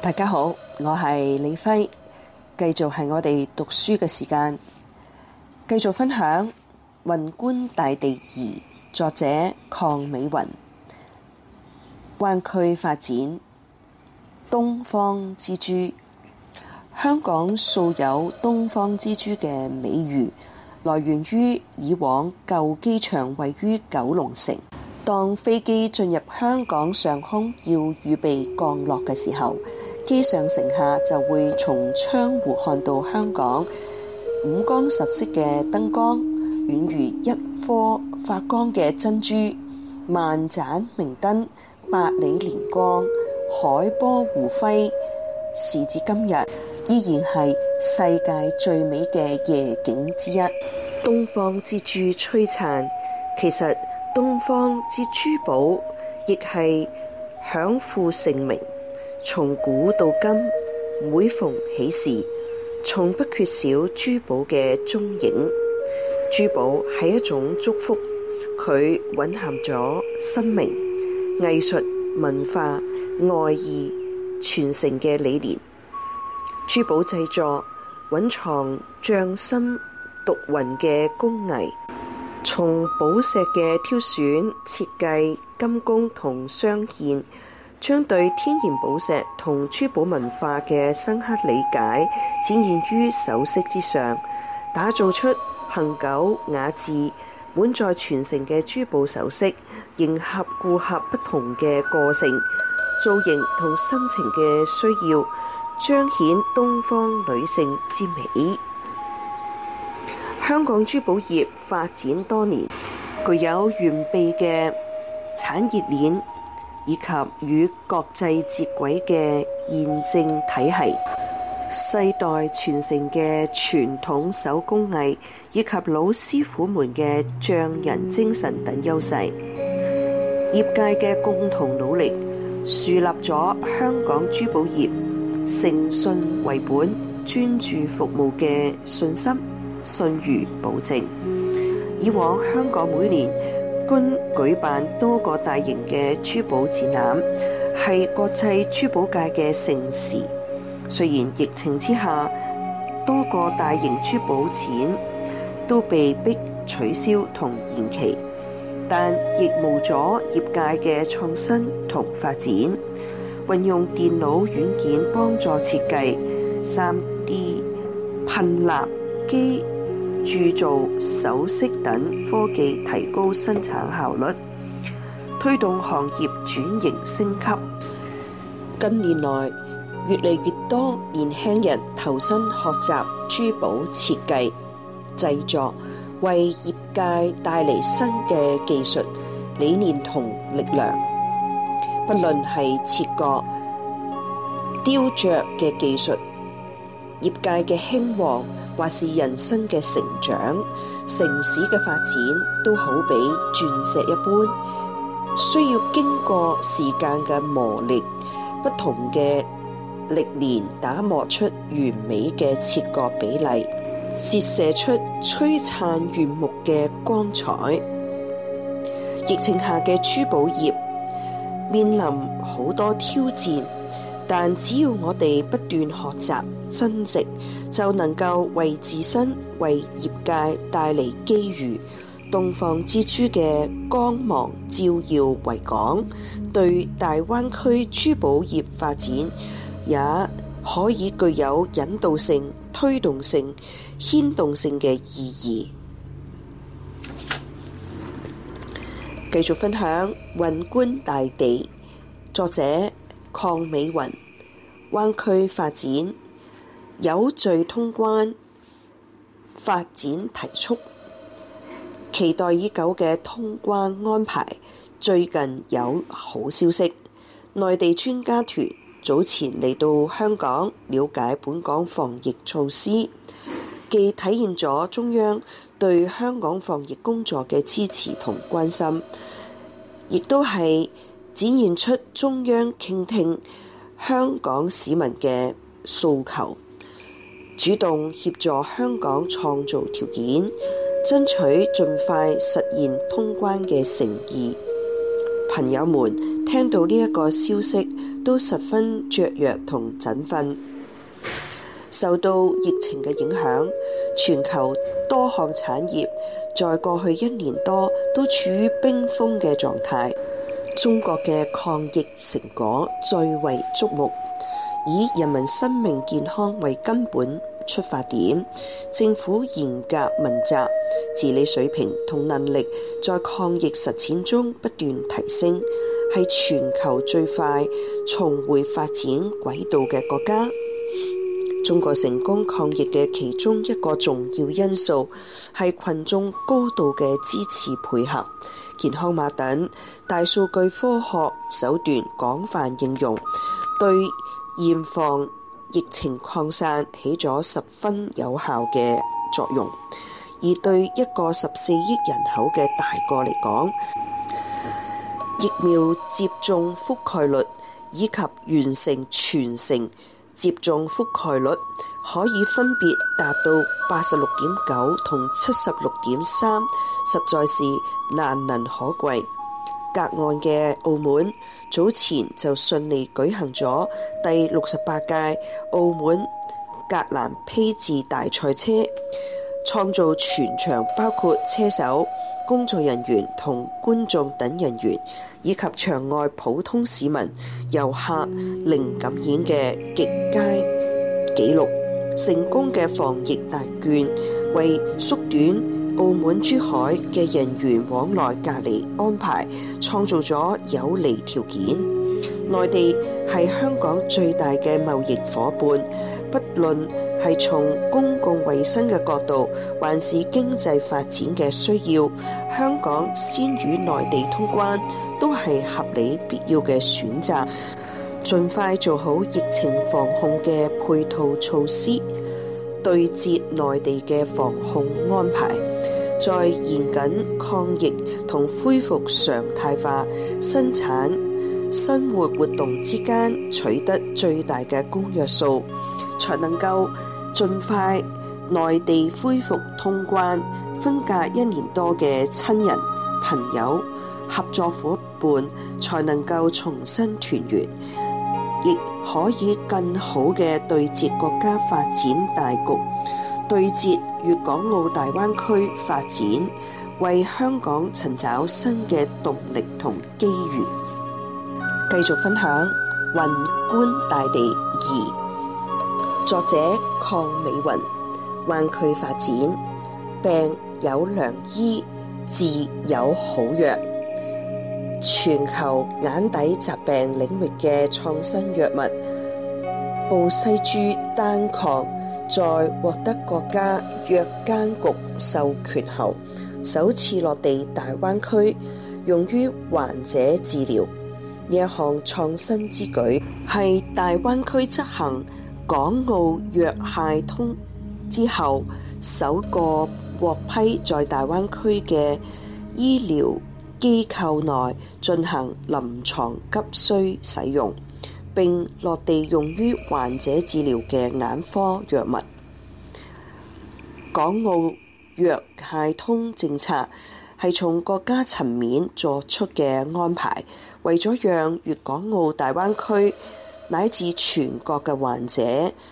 大家好，我係李輝，繼續係我哋讀書嘅時間，繼續分享《雲觀大地二》，作者鄺美雲。灣區發展，東方之珠。香港素有東方之珠嘅美譽，來源於以往舊機場位於九龍城，當飛機進入香港上空要預備降落嘅時候。機上乘客就會從窗戶看到香港五光十色嘅燈光，宛如一顆發光嘅珍珠，萬盞明燈，百里連光，海波湖輝。時至今日，依然係世界最美嘅夜景之一。東方之珠璀璨，其實東方之珠寶亦係享負盛名。從古到今，每逢喜事，從不缺少珠寶嘅蹤影。珠寶係一種祝福，佢蘊含咗生命、藝術、文化、愛意、傳承嘅理念。珠寶製作，蘊藏匠心獨運嘅工藝，從寶石嘅挑選、設計、金工同鑲嵌。將對天然寶石同珠寶文化嘅深刻理解展現於首飾之上，打造出恒久雅致、滿載傳承嘅珠寶首飾，迎合顧客不同嘅個性、造型同心情嘅需要，彰顯東方女性之美。香港珠寶業發展多年，具有完備嘅產業鏈。以及與國際接軌嘅驗證體系、世代傳承嘅傳統手工藝以及老師傅們嘅匠人精神等優勢，業界嘅共同努力，樹立咗香港珠寶業誠信為本、專注服務嘅信心、信譽保證。以往香港每年均舉辦多個大型嘅珠寶展覽，係國際珠寶界嘅盛事。雖然疫情之下，多個大型珠寶展都被迫取消同延期，但亦無阻業界嘅創新同發展。運用電腦軟件幫助設計，3D 噴蠟機。鑄造、首飾等科技提高生產效率，推動行業轉型升級。近年來，越嚟越多年輕人投身學習珠寶設計製作，為業界帶嚟新嘅技術理念同力量。不論係切割、雕琢嘅技術。業界嘅興旺，或是人生嘅成長，城市嘅發展，都好比鑽石一般，需要經過時間嘅磨練，不同嘅歷年打磨出完美嘅切割比例，折射出璀璨炫目嘅光彩。疫情下嘅珠寶業面臨好多挑戰。但只要我哋不斷學習、增值，就能夠為自身、為業界帶嚟機遇。東方之珠嘅光芒照耀維港，對大灣區珠寶業發展也可以具有引導性、推動性、牽動性嘅意義。繼續分享《雲觀大地》，作者。鄺美雲，灣區發展有序通關，發展提速。期待已久嘅通關安排最近有好消息。內地專家團早前嚟到香港了解本港防疫措施，既體現咗中央對香港防疫工作嘅支持同關心，亦都係。展現出中央傾聽香港市民嘅訴求，主動協助香港創造條件，爭取盡快實現通關嘅誠意。朋友們聽到呢一個消息都十分雀躍同振奮。受到疫情嘅影響，全球多項產業在過去一年多都處於冰封嘅狀態。中國嘅抗疫成果最為矚目，以人民生命健康為根本出發點，政府嚴格問責，治理水平同能力在抗疫實踐中不斷提升，係全球最快重回發展軌道嘅國家。中國成功抗疫嘅其中一個重要因素，係群眾高度嘅支持配合。健康碼等大數據科學手段廣泛應用，對嚴防疫情擴散起咗十分有效嘅作用。而對一個十四億人口嘅大國嚟講，疫苗接種覆蓋率以及完成全程接種覆蓋率，可以分別達到八十六點九同七十六點三，實在是難能可貴。隔岸嘅澳門早前就順利舉行咗第六十八屆澳門格蘭披治大賽車，創造全場包括車手、工作人員同觀眾等人員，以及場外普通市民、遊客零感染嘅極佳紀錄。成功嘅防疫答卷，為縮短澳門珠海嘅人員往來隔離安排，創造咗有利條件。內地係香港最大嘅貿易夥伴，不論係從公共衞生嘅角度，還是經濟發展嘅需要，香港先與內地通關，都係合理必要嘅選擇。盡快做好疫情防控嘅配套措施，對接內地嘅防控安排，在嚴謹抗疫同恢復常態化生產生活活動之間取得最大嘅公約數，才能夠盡快內地恢復通關，分隔一年多嘅親人、朋友、合作伙伴，才能夠重新團圓。亦可以更好嘅對接國家發展大局，對接粵港澳大灣區發展，為香港尋找新嘅動力同機遇。繼續分享《雲觀大地二》，作者鄺美雲。灣區發展，病有良醫，治有好藥。全球眼底疾病領域嘅創新藥物布西珠單抗，在獲得國家藥監局授權後，首次落地大灣區，用於患者治療，呢一項創新之舉，係大灣區執行港澳藥械通之後首個獲批在大灣區嘅醫療。機構內進行臨床急需使用，並落地用於患者治療嘅眼科藥物。港澳藥械通政策係從國家層面作出嘅安排，為咗讓粵港澳大灣區乃至全國嘅患者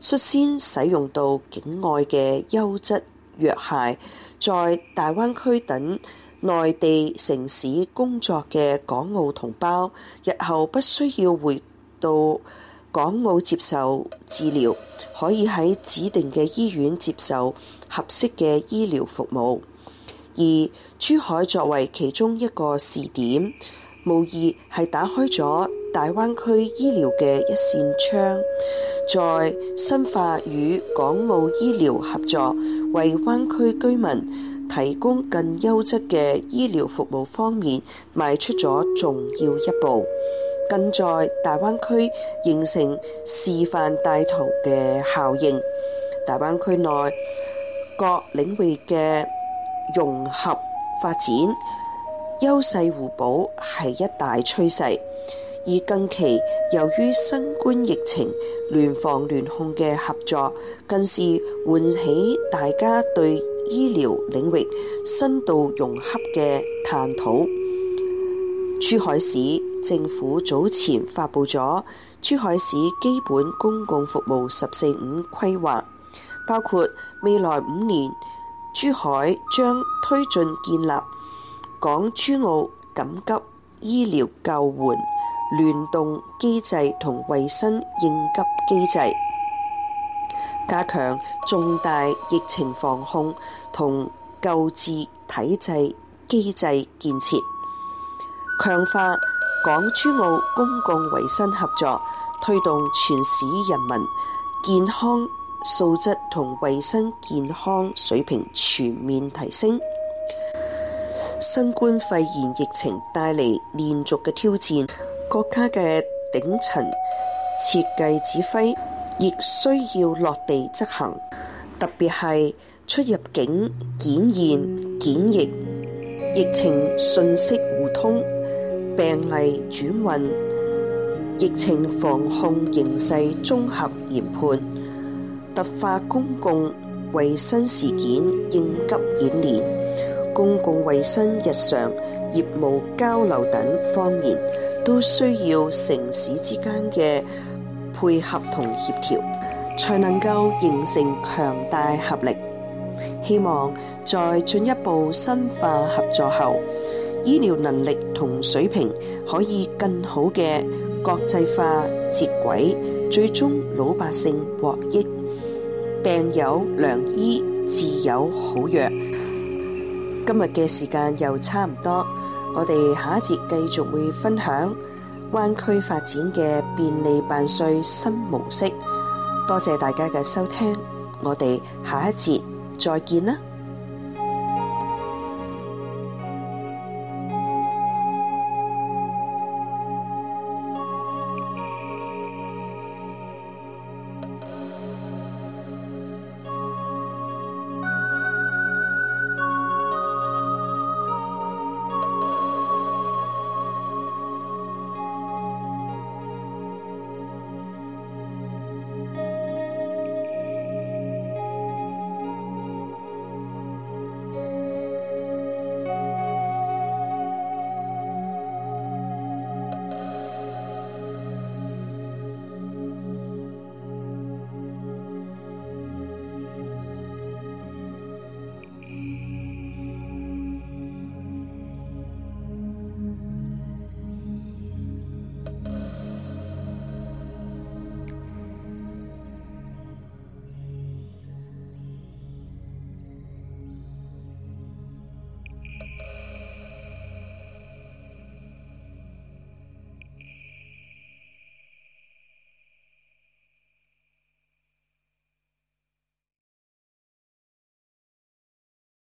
率先使用到境外嘅優質藥械，在大灣區等。內地城市工作嘅港澳同胞，日後不需要回到港澳接受治療，可以喺指定嘅醫院接受合適嘅醫療服務。而珠海作為其中一個試點，無疑係打開咗大灣區醫療嘅一扇窗，在深化與港澳醫療合作，為灣區居民。提供更優質嘅醫療服務方面，邁出咗重要一步，更在大灣區形成示範帶頭嘅效應。大灣區內各領域嘅融合發展、優勢互補係一大趨勢，而近期由於新冠疫情聯防聯控嘅合作，更是喚起大家對醫療領域深度融合嘅探討。珠海市政府早前發佈咗《珠海市基本公共服務十四五規劃》，包括未來五年，珠海將推進建立港珠澳緊急醫療救援聯動機制同衛生應急機制。加強重大疫情防控同救治體制機制建設，強化港珠澳公共衛生合作，推動全市人民健康素質同衛生健康水平全面提升。新冠肺炎疫情帶嚟連續嘅挑戰，國家嘅頂層設計指揮。亦需要落地執行，特別係出入境檢驗、檢疫，疫情信息互通，病例轉運，疫情防控形勢綜合研判，突發公共衛生事件應急演練，公共衛生日常業務交流等方面，都需要城市之間嘅配合同協調，才能夠形成強大合力。希望在進一步深化合作後，醫療能力同水平可以更好嘅國際化接軌，最終老百姓獲益，病有良醫，治有好藥。今日嘅時間又差唔多，我哋下一節繼續會分享。灣區發展嘅便利辦稅新模式，多謝大家嘅收聽，我哋下一節再見啦。